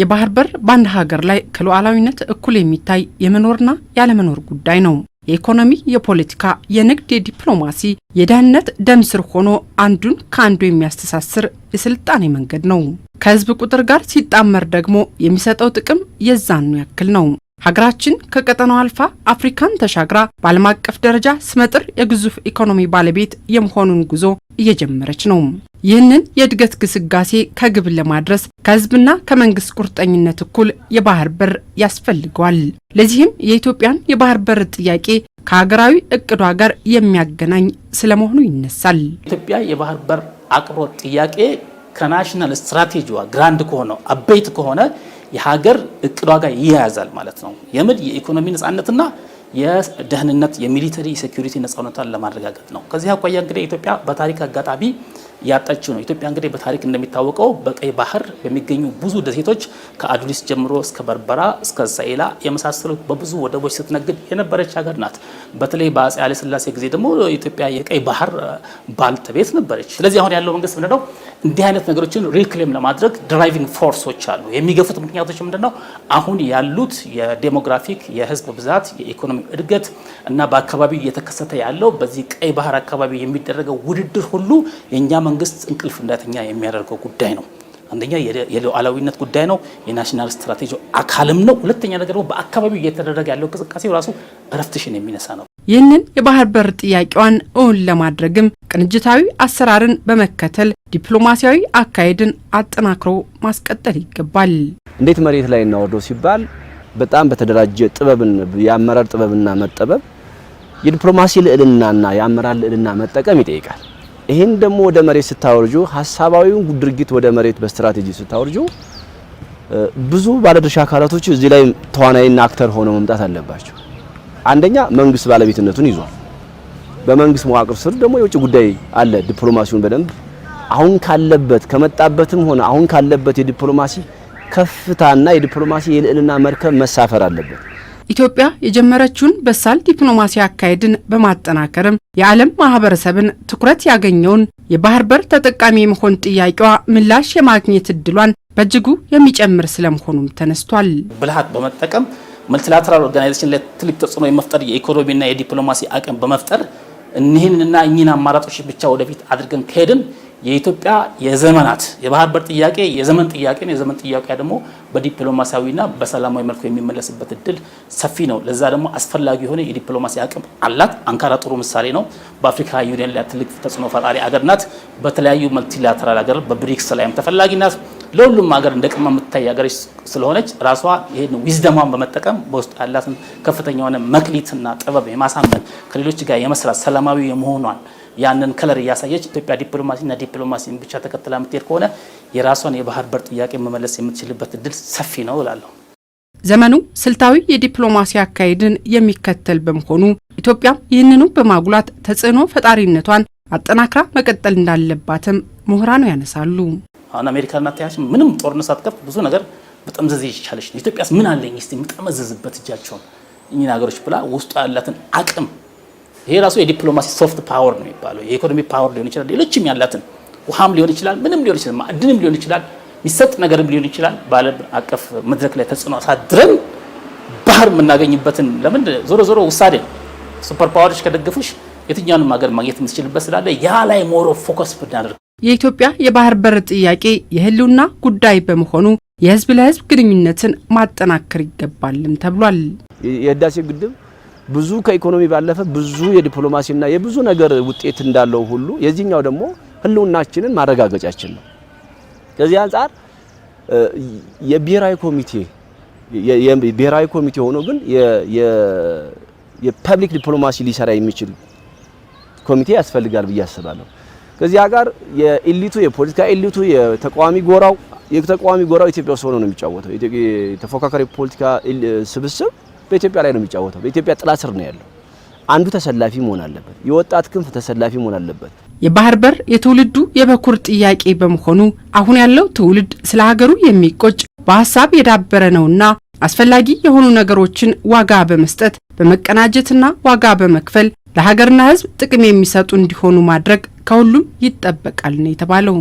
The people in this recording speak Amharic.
የባህር በር በአንድ ሀገር ላይ ከሉዓላዊነት እኩል የሚታይ የመኖርና ያለመኖር ጉዳይ ነው። የኢኮኖሚ፣ የፖለቲካ፣ የንግድ፣ የዲፕሎማሲ፣ የደህንነት ደም ስር ሆኖ አንዱን ከአንዱ የሚያስተሳስር የስልጣኔ መንገድ ነው። ከህዝብ ቁጥር ጋር ሲጣመር ደግሞ የሚሰጠው ጥቅም የዛኑ ያክል ነው። ሀገራችን ከቀጠናው አልፋ አፍሪካን ተሻግራ በዓለም አቀፍ ደረጃ ስመጥር የግዙፍ ኢኮኖሚ ባለቤት የመሆኑን ጉዞ እየጀመረች ነው። ይህንን የእድገት ግስጋሴ ከግብ ለማድረስ ከህዝብና ከመንግስት ቁርጠኝነት እኩል የባህር በር ያስፈልገዋል። ለዚህም የኢትዮጵያን የባህር በር ጥያቄ ከሀገራዊ እቅዷ ጋር የሚያገናኝ ስለመሆኑ ይነሳል። ኢትዮጵያ የባህር በር አቅርቦት ጥያቄ ከናሽናል ስትራቴጂዋ ግራንድ ከሆነው አበይት ከሆነ የሀገር እቅዷ ጋር ይያያዛል ማለት ነው። የምድ የኢኮኖሚ ነጻነትና የደህንነት የሚሊተሪ ሴኩሪቲ ነጻነቷን ለማረጋገጥ ነው። ከዚህ አኳያ እንግዲህ ኢትዮጵያ በታሪክ አጋጣሚ ያጣችው ነው። ኢትዮጵያ እንግዲህ በታሪክ እንደሚታወቀው በቀይ ባህር በሚገኙ ብዙ ደሴቶች ከአዱሊስ ጀምሮ እስከ በርበራ እስከ ሰኤላ የመሳሰሉት በብዙ ወደቦች ስትነግድ የነበረች ሀገር ናት። በተለይ በአጼ ኃይለ ሥላሴ ጊዜ ደግሞ ኢትዮጵያ የቀይ ባህር ባልተቤት ነበረች። ስለዚህ አሁን ያለው መንግስት ምንድነው እንዲህ አይነት ነገሮችን ሪክሌም ለማድረግ ድራይቪንግ ፎርሶች አሉ። የሚገፉት ምክንያቶች ምንድነው? አሁን ያሉት የዴሞግራፊክ የህዝብ ብዛት፣ የኢኮኖሚ እድገት እና በአካባቢው እየተከሰተ ያለው በዚህ ቀይ ባህር አካባቢ የሚደረገው ውድድር ሁሉ የእኛ መንግስት እንቅልፍ እንዳተኛ የሚያደርገው ጉዳይ ነው። አንደኛ የሉዓላዊነት ጉዳይ ነው፣ የናሽናል ስትራቴጂ አካልም ነው። ሁለተኛ ነገር ደግሞ በአካባቢው እየተደረገ ያለው እንቅስቃሴ ራሱ እረፍትሽን የሚነሳ ነው። ይህንን የባህር በር ጥያቄዋን እውን ለማድረግም ቅንጅታዊ አሰራርን በመከተል ዲፕሎማሲያዊ አካሄድን አጠናክሮ ማስቀጠል ይገባል። እንዴት መሬት ላይ እናወርደው ሲባል በጣም በተደራጀ ጥበብን የአመራር ጥበብና መጠበብ የዲፕሎማሲ ልዕልናና የአመራር ልዕልና መጠቀም ይጠይቃል። ይህን ደግሞ ወደ መሬት ስታወርጁ ሀሳባዊውን ድርጊት ወደ መሬት በስትራቴጂ ስታወርጁ ብዙ ባለድርሻ አካላቶች እዚህ ላይ ተዋናይና አክተር ሆነው መምጣት አለባቸው። አንደኛ መንግስት ባለቤትነቱን ይዟል። በመንግስት መዋቅር ስር ደግሞ የውጭ ጉዳይ አለ። ዲፕሎማሲውን በደንብ አሁን ካለበት ከመጣበትም ሆነ አሁን ካለበት የዲፕሎማሲ ከፍታና የዲፕሎማሲ የልዕልና መርከብ መሳፈር አለበት። ኢትዮጵያ የጀመረችውን በሳል ዲፕሎማሲ አካሄድን በማጠናከርም የዓለም ማህበረሰብን ትኩረት ያገኘውን የባህር በር ተጠቃሚ የመሆን ጥያቄዋ ምላሽ የማግኘት እድሏን በእጅጉ የሚጨምር ስለመሆኑም ተነስቷል። ብልሃት በመጠቀም መልቲላተራል ኦርጋናይዜሽን ትልቅ ተጽዕኖ የመፍጠር የኢኮኖሚና የዲፕሎማሲ አቅም በመፍጠር እኒህንና እኚህን አማራጮች ብቻ ወደፊት አድርገን ከሄድን የኢትዮጵያ የዘመናት የባህር በር ጥያቄ የዘመን ጥያቄ ነው። የዘመን ጥያቄ ደግሞ በዲፕሎማሲያዊና በሰላማዊ መልኩ የሚመለስበት እድል ሰፊ ነው። ለዛ ደግሞ አስፈላጊ የሆነ የዲፕሎማሲ አቅም አላት። አንካራ ጥሩ ምሳሌ ነው። በአፍሪካ ዩኒየን ላይ ትልቅ ተጽዕኖ ፈጣሪ አገር ናት። በተለያዩ መልቲላተራል ሀገር በብሪክስ ላይም ተፈላጊ ናት። ለሁሉም ሀገር እንደ ቅድመ የምትታይ ሀገር ስለሆነች ራሷ ይህን ዊዝደሟን በመጠቀም በውስጡ ያላትን ከፍተኛ የሆነ መክሊትና ጥበብ የማሳመን ከሌሎች ጋር የመስራት ሰላማዊ የመሆኗን ያንን ከለር እያሳየች ኢትዮጵያ ዲፕሎማሲና ዲፕሎማሲን ብቻ ተከትላ የምትሄድ ከሆነ የራሷን የባህር በር ጥያቄ መመለስ የምትችልበት እድል ሰፊ ነው እላለሁ። ዘመኑ ስልታዊ የዲፕሎማሲ አካሄድን የሚከተል በመሆኑ ኢትዮጵያም ይህንኑ በማጉላት ተጽዕኖ ፈጣሪነቷን አጠናክራ መቀጠል እንዳለባትም ምሁራኑ ያነሳሉ። አሁን አሜሪካና ተያያዥ ምንም ጦርነት ሳትከፍት ብዙ ነገር በጠምዘዝ ይቻለች ኢትዮጵያስ ምን አለኝ ስ የምጠመዘዝበት እጃቸውን እኚህን ሀገሮች ብላ ውስጡ ያላትን አቅም ይሄ ራሱ የዲፕሎማሲ ሶፍት ፓወር ነው የሚባለው። የኢኮኖሚ ፓወር ሊሆን ይችላል፣ ሌሎችም ያላትን ውሃም ሊሆን ይችላል፣ ምንም ሊሆን ይችላል፣ ማዕድንም ሊሆን ይችላል፣ የሚሰጥ ነገርም ሊሆን ይችላል። በዓለም አቀፍ መድረክ ላይ ተጽዕኖ አሳድረን ባህር የምናገኝበትን ለምን ዞሮ ዞሮ ውሳኔ ነው። ሱፐር ፓወሮች ከደገፉሽ የትኛውንም ሀገር ማግኘት የምትችልበት ስላለ ያ ላይ ሞሮ ፎከስ ብናደርግ የኢትዮጵያ የባህር በር ጥያቄ የህልውና ጉዳይ በመሆኑ የህዝብ ለህዝብ ግንኙነትን ማጠናከር ይገባልም ተብሏል። የህዳሴ ግድብ ብዙ ከኢኮኖሚ ባለፈ ብዙ የዲፕሎማሲና የብዙ ነገር ውጤት እንዳለው ሁሉ የዚህኛው ደግሞ ህልውናችንን ማረጋገጫችን ነው። ከዚህ አንጻር የብሔራዊ ኮሚቴ የብሔራዊ ኮሚቴ ሆኖ ግን የፐብሊክ ዲፕሎማሲ ሊሰራ የሚችል ኮሚቴ ያስፈልጋል ብዬ አስባለሁ። ከዚያ ጋር የኤሊቱ የፖለቲካ ኤሊቱ የተቃዋሚ ጎራው የተቃዋሚ ጎራው ኢትዮጵያ ውስጥ ሆኖ ነው የሚጫወተው። የተፎካካሪ ፖለቲካ ስብስብ በኢትዮጵያ ላይ ነው የሚጫወተው። በኢትዮጵያ ጥላ ስር ነው ያለው። አንዱ ተሰላፊ መሆን አለበት። የወጣት ክንፍ ተሰላፊ መሆን አለበት። የባህር በር የትውልዱ የበኩር ጥያቄ በመሆኑ አሁን ያለው ትውልድ ስለ ሀገሩ የሚቆጭ በሀሳብ የዳበረ ነውና አስፈላጊ የሆኑ ነገሮችን ዋጋ በመስጠት በመቀናጀትና ዋጋ በመክፈል ለሀገርና ሕዝብ ጥቅም የሚሰጡ እንዲሆኑ ማድረግ ከሁሉም ይጠበቃል ነው የተባለው።